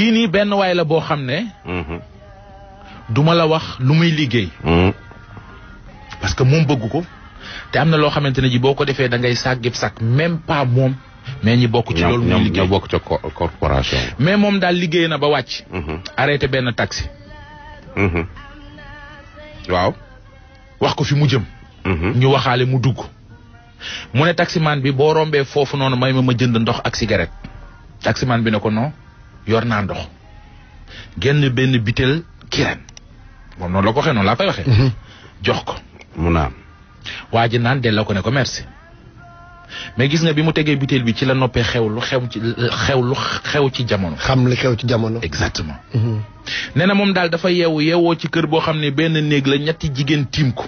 kii nii benn waay la boo xam ne mhm. duma la wax lu muy liggéey mhm. parce que moom bëgg ko te am na loo xamante ne ji boo ko defee da ngay sàggib sàkk même pas moom mais ñi bokk ci loolu muy liggéey ñoo bokk ca corporation mais moom daal liggéey na ba wàcc mhm. arrêté benn taxi waaw wax ko fi mu jëm ñu waxaale mu dugg mu ne taximan bi boo rombee foofu noonu may ma ma jënd ndox ak cigarette taximan bi ne ko non yor naa ndox genn benn bitel kirem moom noonu la ko waxee noonu laa koy waxee. Mhm. jox ko mu naan. waa ji naan delloo ko ne ko merci mais gis nga bi mu tegee bitel bi ci la noppee xew lu xew ci xew lu xew ci jamono. xam li xew ci jamono. exactement. Mhm. nee na moom daal dafa yeewu yeewoo ci kër boo xam ne benn néeg la ñetti jigéen tiim ko.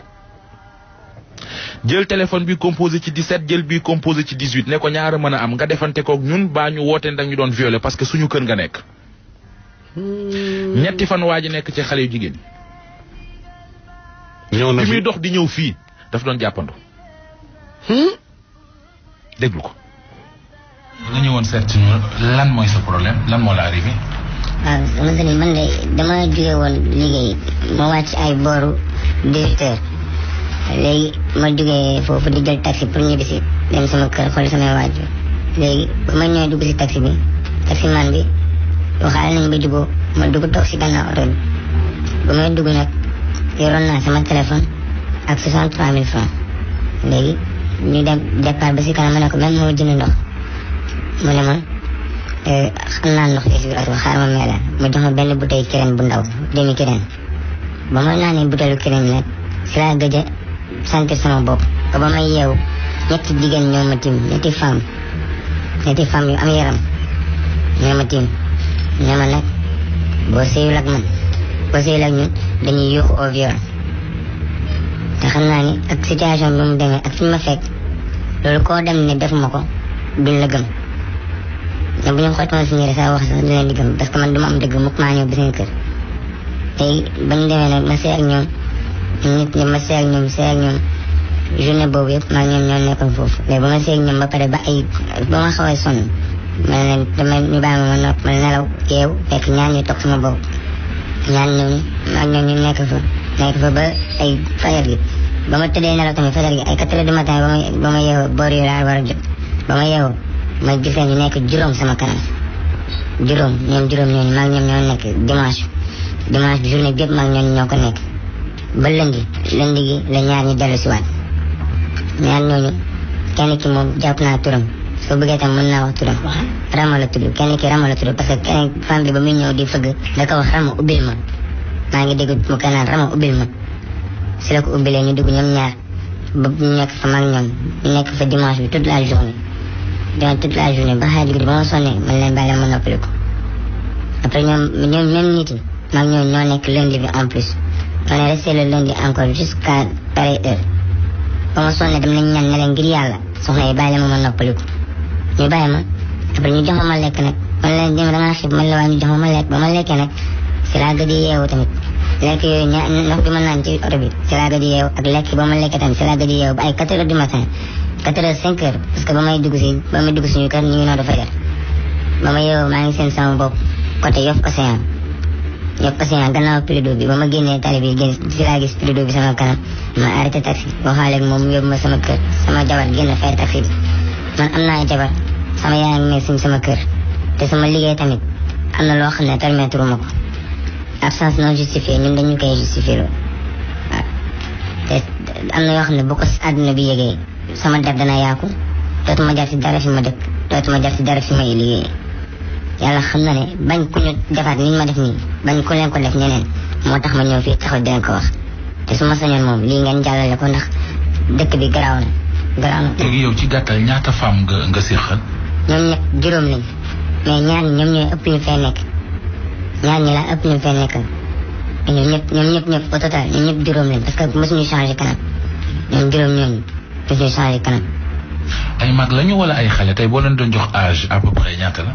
jël téléphone bi composé ci 17 jël bi composé ci 18 ne ko ñaara mën a am nga defante kook ñun baa ñu wootee ndax ñu doon violé parce que suñu kër nga nekk. Hmm. ñetti fan waa ji nekk ci xale yu jigéen yi. na fi muy dox di ñëw fii daf doon jàppandu. Hmm? déglu ko. nga ñëwoon seet ci lan mooy sa problème lan moo la arrivé. waaw ah, dama sëñ man de dama jóge ay booru 18 ma jógee foofu di jël taxi pour ñibbi si dem sama kër xool sama waajur léegi ba ma ñëwee dugg si taxi bi taxi man bi waxaale nañ ba juboo ma dugg toog si gannaaw oto bi ba may dugg nag yoroon naa sama téléphone ak 63 000 francs léegi ñu dem départ ba si kanam ma ne ko même moo jënd ndox mu ne ma eh, xam naa ndox si biir oto xaar ma meelal mu jox ma benn bouteille kireen bu ndaw demi kireen ba ma naanee buteelu kireen nag si laa gëj sànq sama bopp ba ba may yeewu ñetti jigéen ñoo ma tiim ñetti femme ñetti femme yu am yaram ñoo ma tiim ñoo nag boo sëyul ak man boo sëyul ak ñun dañuy yuuxu au viol xam naa ni ak situation bi mu demee ak fi ma fekk loolu koo dem ne defuma ko duñ la gëm ñoom bu ñu xottoon suñu yére saa wax sax dinañ di parce que man du ma am dëgg mukk maa ñëw bi seen kër tey bañ demee nag ma sëy ak ñoom nit ñi ma seeg ñoom seeg ñoom journée boobu yëpp maa ñoom ñoo nekkoon foofu mais ba ma seeg ñoom ba pare ba ay ba ma a sonn ma ne leen dama ñu bàyyi ma ma nopp ma nelaw yeew fekk nekk fa nekk fa ba ay fajar gi ba ma tëddee nelaw tamit fajar gi ay quatre heures du matin ba a nekk juróom sama kanam juróom ñoom ñoom ñoo nekk ba lëndi lëndi gi la ñaar ñi delu ci siwaat ñaar ñooñu kenn ki moom jàpp naa turam soo bëggee tam mën naa wax turam rama la tudd kenn ki rama la tudd parce que kenn fan bi ba muy ñëw di fëgg da ko wax rama ubbil ma maa ngi dégg mu ko naan rama ubbil ma si la ko ubbilee ñu dugg ñoom ñaar ba ñu nekk fa mag ñoom nekk fa dimanche bi toute la journée durant toute la journée ba xaaj guddi ba ma sonnee man leen bàyyi ma noppaliku après ñoom ñoom même nit yi mag ñoom ñoo nekk lundi bi en plus on est resté le lundi encore jusqu'à pareille heure ba ma sonn dem nañ ñaan ne leen ngir yi bàyyi la ma ma noppaliku ñu bàyyi ma après ñu jox ma ma lekk nag man leen dem dama xib man la waaye ñu jox ma ma lekk ba ma lekkee nag si laa gëj yeewu tamit lekk yooyu ña ma naan ci oto bi si laa gëj yeewu ak lekk ba ma lekkee tamit si laa gëj yeewu ba ay 4 heures du matin 4 heures 5 ba may dugg si ba may dugg si ñu kër ñu ngi noonu fajar ba ma yeewu maa ngi seen ya kasi ang ganaw pilidubi tali bigin sila gis pilidubi sa mga ma arte taxi mo halag mo miyog mo sa magkar sa mga jawad gin na fair taxi man yang mesin sa magkar te sa maliga ay tamit ang nalawak na tali may turo mo ko absence no justifier nyo na nyo kayo justifier o te ang nalawak na bukos ad na biyagay sa na ayako Tuwa tumajar yàlla xam na ne bañ ku ñu defaat niñ ma def nii bañ ku leen ko def ñeneen moo tax ma ñëw fii taxaw di ko te su ma sañoon moom lii ngeen jàllale ko ndax dëkk bi garaaw na garaaw na. léegi yow ci gàttal ñaata femme nga nga seexal. ñoom ñett juróom lañ mais ñaar ñi ñoom ñooy ëpp ñu fee nekk ñaar ñi laa ëpp ñu fee nekkal ñoom ñëpp ñoom ñëpp ñëpp au ñoom ñëpp juróom lañ parce que mosuñu changé kanam ñoom juróom ñooñu mosuñu changé kanam. ay mag lañu wala ay xale tey boo leen doon jox age à peu près ñaata la.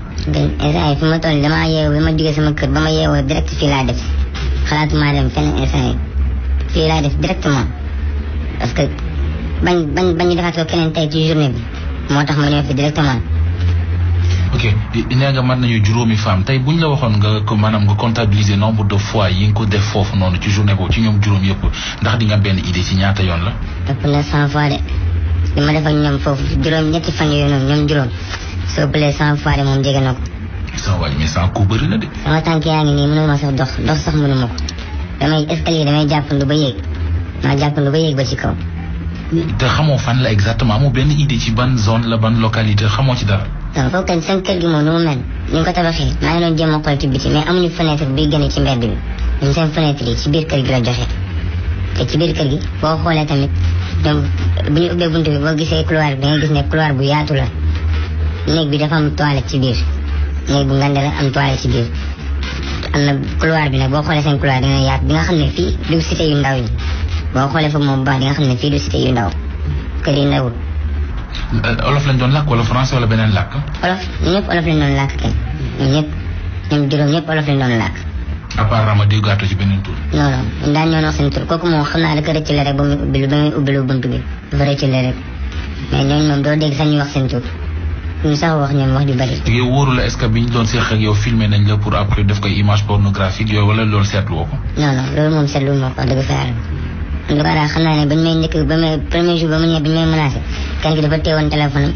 instant yi fi ma toll damaa yeewu bi ma jógee sama kër ba ma yeewoo direct fii laa def xalaatuma dem fenn instant yi fii laa def directement parce que bañ bañ defaat ko keneen tey ci journée bi moo tax ma ñëw fi directement. ok nee nga mën nañu juróomi femme tey buñ la waxoon nga ko maanaam nga comptabiliser nombre de fois yi nga ko def foofu noonu ci journée boobu ci ñoom juróom yëpp ndax di nga benn idée ci ñaata yoon la. ëpp na cent fois de li ma defal ñoom foofu soble sans faari moom jege na ko. sans waay mais bëri na de. sama tànk yaa ngi nii mënul ma sax dox dox sax mënu ma ko damay escalier damay jàppandu ba yéeg maa jàppandu ba yéeg ba ci kaw. te xamoo fan la exactement amoo benn idée ci ban zone la ban localité xamoo ci dara. non foofu kañ seen kër gi moom nu mu mel ni ñu ko tabaxee maa ngi doon jéem a xool ci biti mais amuñu fenêtre bi gën ci mbedd bi ñun seen fenêtre yi ci biir kër gi la joxe te ci biir kër gi boo xoolee tamit da ngay gis ne bu yaatu la. néeg bi dafa am toilette ci biir néeg bu ngande la am toilette ci biir am na couloir bi nag boo xoolee seen couloir dina yaatu di nga xam ne fii du cité yu ndaw yi boo xoolee foofu moom bu baax di xam ne fii du cité yu ndaw kër yi ndawul. Euh, olof lañ doon làkk wala français wala beneen làkk. olof ñëpp olof lañ doon làkk kay ñëpp ñoom juróom ñëpp olof lañ doon làkk. apparemment di gàttu ci beneen tur. non non daan ñoo nox seen tur kooku moom xam naa rek rëcc la rek ñu sax wax ñun wax ju bari yow wóoru ak yow filmé nañ la pour après def image pornographique yooyu wala loolu seetlu woo non non loolu moom seetlu ma ko fa yàlla en tout cas daal bañ may njëkk ba may premier jour ba ma ñëwee biñ may menacé kenn ki dafa téewoon téléphone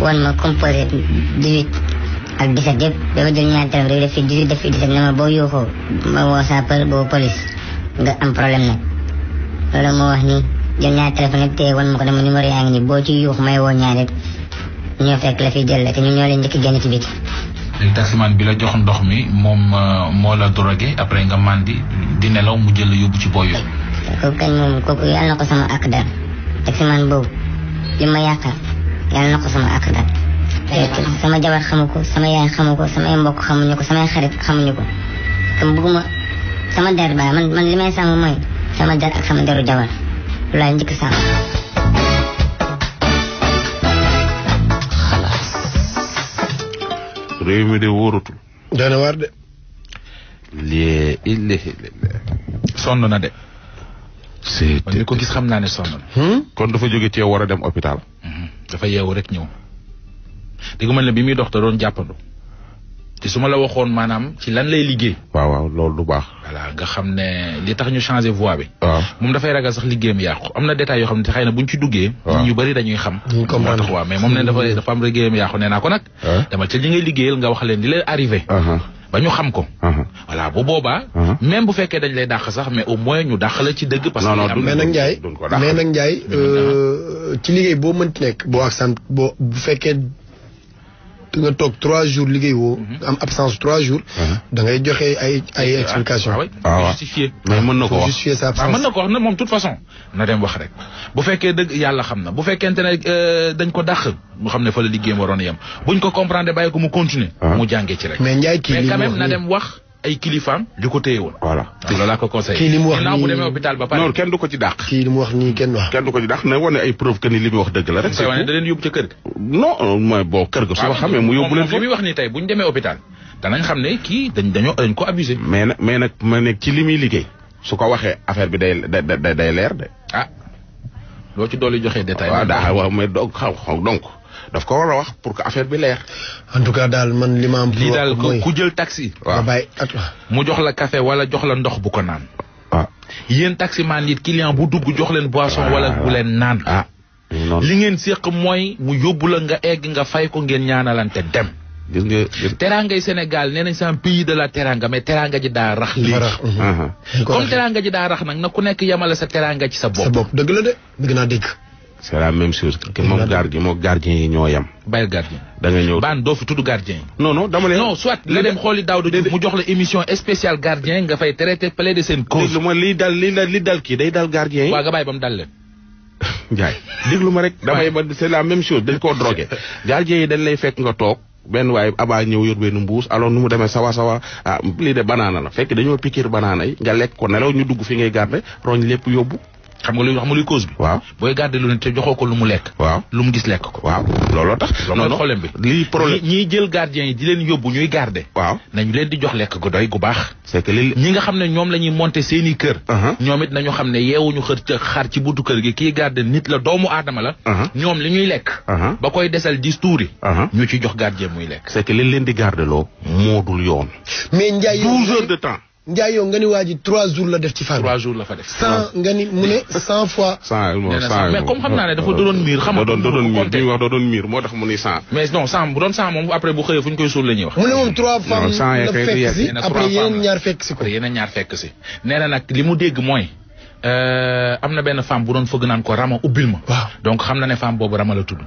woon ma composé 18 ak 17 yëpp jël ñaar téléphone rek def 18 def 17 ma sa police nga am problème nag loolu ma wax ni jël ñaar téléphone yëpp téye dama numéro ci may ñaar ñoo fekk la fi jël la te ñun ñoo leen njëkk génn ci biti léegi taximan bi la jox ndox mi moom euh, moo la drogué après nga mandi di nelaw mu jël la yóbbu ci booy yooyu kooku kañ moom kooku yàlla na ko sama ak dal taximan boobu li ma yaakaar yàlla na ko sama ak dal sama jabar xamu ko sama yaay xamu ko sama mbokk xamuñu ko sama xarit xamuñu ko kam bëgguma sama der baa man man li may sàmm mooy sama der ak sama deru jabar loolu laay njëkk sàmm réew de wóorutul. dana war de. lii ille, sonna na de. c'est ni ko gis xam ne sonn na. kon dafa jóge ci yow war dem hôpital. dafa rek ñew dégg nga man bi mi docteur da doon te suma la waxone manam ci lan lay liggéey. waaw waaw lolou du bax wala nga xam li tax ñu changer voix bi. waaw da fay ragal sax liggéeyam yàqu amna na yo yoo xam ne buñ ci duggé ñu bari dañuy xam. comprendre waaw mais mom nee dafa dafa am liggéeyam yàqu nee naa ko nag. Ah. dama ca li ngay liggéeyal nga wax leen li lay arrivé. Uh-huh. ba ñu xam ko. Uh-huh. voilà bu boba uh-huh. même bu féké dañ lay dakh sax mais au moins ñu dakh la ci dëgg. parce que am na mais ñay euh ci liggéey boo mënti nek bo ak sant bo bu féké nga toog trois jours liggéey wo mhm. nga am absence trois jours. Mhm. da ngay joxe ay ay ah, explication waaw ah ah, waaw justifié mën na ko wax justifié sa absence mën na ko wax na moom toute façon na dem wax rek bu fekkee dëgg yàlla xam na bu fekkente ne euh, dañ ko dàq mu xam ne fa la liggéeyam waroon yem buñ ko comprendre bàyyi ko mu continuer mu jàngee ci rek. mais Ndiaye kii mais na dem wax. ay kilifaam di ko téye woon. voilà loolu laa ko conseillé. kii li mu wax nii bu demee hôpital ba pare. non kenn du ko ci dàq. kii li mu wax nii kenn wax. kenn du ko ci dàq na wane ay preuve que ni li mu wax dëgg la rek. da leen yóbbu ca kër ga. non mooy bon kër ga. su ma xamee mu yóbbu leen fi moom wax ni tey bu ñu demee hôpital. danañ xam ne kii dañ dañoo dañ ko abusé. mais nag mais nag ma nekk ci li muy liggéey. su ko waxee affaire bi day day day leer de. ah loo ci dolli joxe détail. waaw daa waaw mais donc xaw donc. daf ko war a wax pour que affaire bi leer. en tout cas daal man li ma am. bu daal ku jël taxi. waaw bàyyi mu jox la café wala jox la ndox bu ko naan. waaw yéen taximaan yi client bu dugg jox leen boisson wala bu leen naan. Ah, ah. li ngeen séq mooy mu yóbbu la nga egg nga fay ko ngeen ñaanalante dem. gis nga teranga yi Sénégal nee nañ c'est un pays de la teranga mais teranga ji daa rax léegi. Ah, comme teranga ji daa rax nag na ku nekk yemale sa teraanga ci sa bopp. sa dëgg la de bëgg naa dégg. c'est la même chose que moom gardien moo gardien yi ñoo yem. bàyyi gardien da nga ñëw baan doo fi tudd gardien. non non dama leen non soit nga dem xooli daaw di mu jox la émission spéciale gardien nga fay traité plaider seen cause. déglu ma liy dal li dal kii day dal gardien yi. waaw nga bàyyi ba mu dal leen. Ndiaye déglu ma rek. damay ba c'est la même chose dañ koo drogué. gardien yi dañ lay fekk nga toog. benn waaye abaa ñëw yor benn mbuus alors nu mu demee sawa sawa ah lii de banaana la fekk dañoo pikiir banaana yi nga lekk ko nelaw ñu dugg fi ngay garder roñ lépp yóbbu. xam nga luy xam nga luy cause bi. waaw booy garder lu ne te joxoo ko lu mu lekk. waaw lu mu gis lekk ko. waaw looloo tax. looloo tax problème di leen yóbbu ñuy garder. waaw nañu leen di jox lekk gu doy gu baax. c'est que li ñi nga xam ne ñoom la ñuy monter seen i kër. Uh-huh. ñoom it nañu xam ne yeewuñu xër ca xar ci buntu kër gi kii garder nit la doomu aadama la. Uh-huh. ñoom li ñuy lekk. Uh-huh. ba koy desal dis tuuri. ñu ci jox gardien muy lekk. c'est que li leen di garde loo. moo dul yoon. mais Ndiaye yow nga ni waa trois jours la def ci fan. trois jours la fa def. cent ah. fois. mais comme xam naa ne dafa doon miir. xam nga miir wax doon moo tax mu ni cent. mais non cent bu doon cent moom après bu xëyee fu ñu koy suul la wax. mu ne moom trois femmes na li dégg mooy. Euh, na benn femme bu doon fëgg naan ko rama ubbil ma. waaw donc xam na ne femme boobu rama la tudd.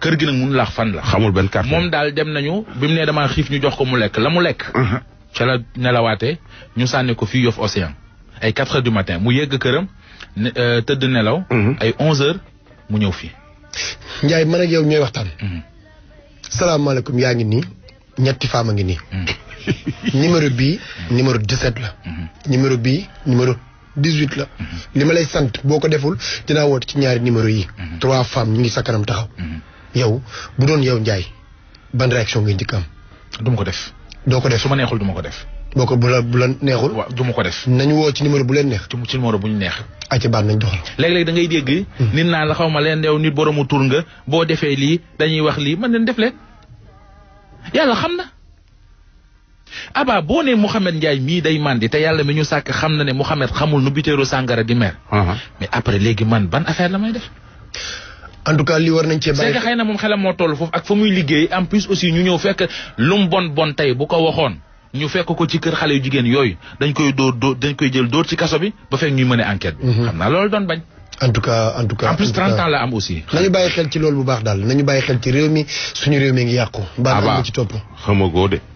kër gi nag mënu laax fan la. xamul benn carte moom daal dem nañu bi mu ne damaa xiif ñu jox ko mu lekk la mu lekk uh-huh. ca la nelawaatee ñu sànnee ko fii Yoff Océan ay quatre heures du matin mu yegg këram euh, tëdd nelaw. Mhm. ay onze heures mu ñëw fii. Ndiaye man ak yow ñooy waxtaan. Mhm. salaamaaleykum yaa ngi nii ñetti femmes a ngi nii. Mhm. numéro bii numéro 17 la. numéro bii numéro 18 la. li ma lay sant boo ko deful dinaa woote ci ñaari numéro yi. trois femmes ñu ngi sa kanam taxaw. yow bu doon yow Ndiaye ban réaction ngi njëkk am. du ma ko def. doo ko def su ma neexul du ko def. boo ko bu la bu la neexul. waaw du ko def. nañu woo ci numéro bu leen neex. ci numéro bu ñu neex. ayca baat nañ doxal. léeg-léeg da ngay dégg. Hmm. nit naa la xaw ma leen yow nit boromu tur nga boo defee lii dañuy wax lii man leen def leen yàlla xam na. Aba boo nee Mouhamed Ndiaye mii day mandi te yàlla mi ñu sàkk xam na ne Mouhamed xamul nu butéeru sàngara di mer. mais après léegi man ban affaire la may def. en tout cas li war nañ cee bàyyi. c'est que xëy na moom xelam moo toll foofu ak fa muy liggéey en plus aussi ñu ñëw fekk lum bon bon tey bu ko waxoon. ñu fekk ko ci kër xale yu jigéen yooyu dañ koy dóor dóor dañ koy jël dóor ci kaso bi ba fekk ñuy mën a enquête bi. Mhm. xam naa loolu doon bañ. en tout cas en tout cas en plus 30 la am aussi. nañu bàyyi xel ci loolu bu baax daal nañu bàyyi xel ci réew mi suñu réew mi ngi yàqu. ah waaw mbaa ci topp. xamagoo de.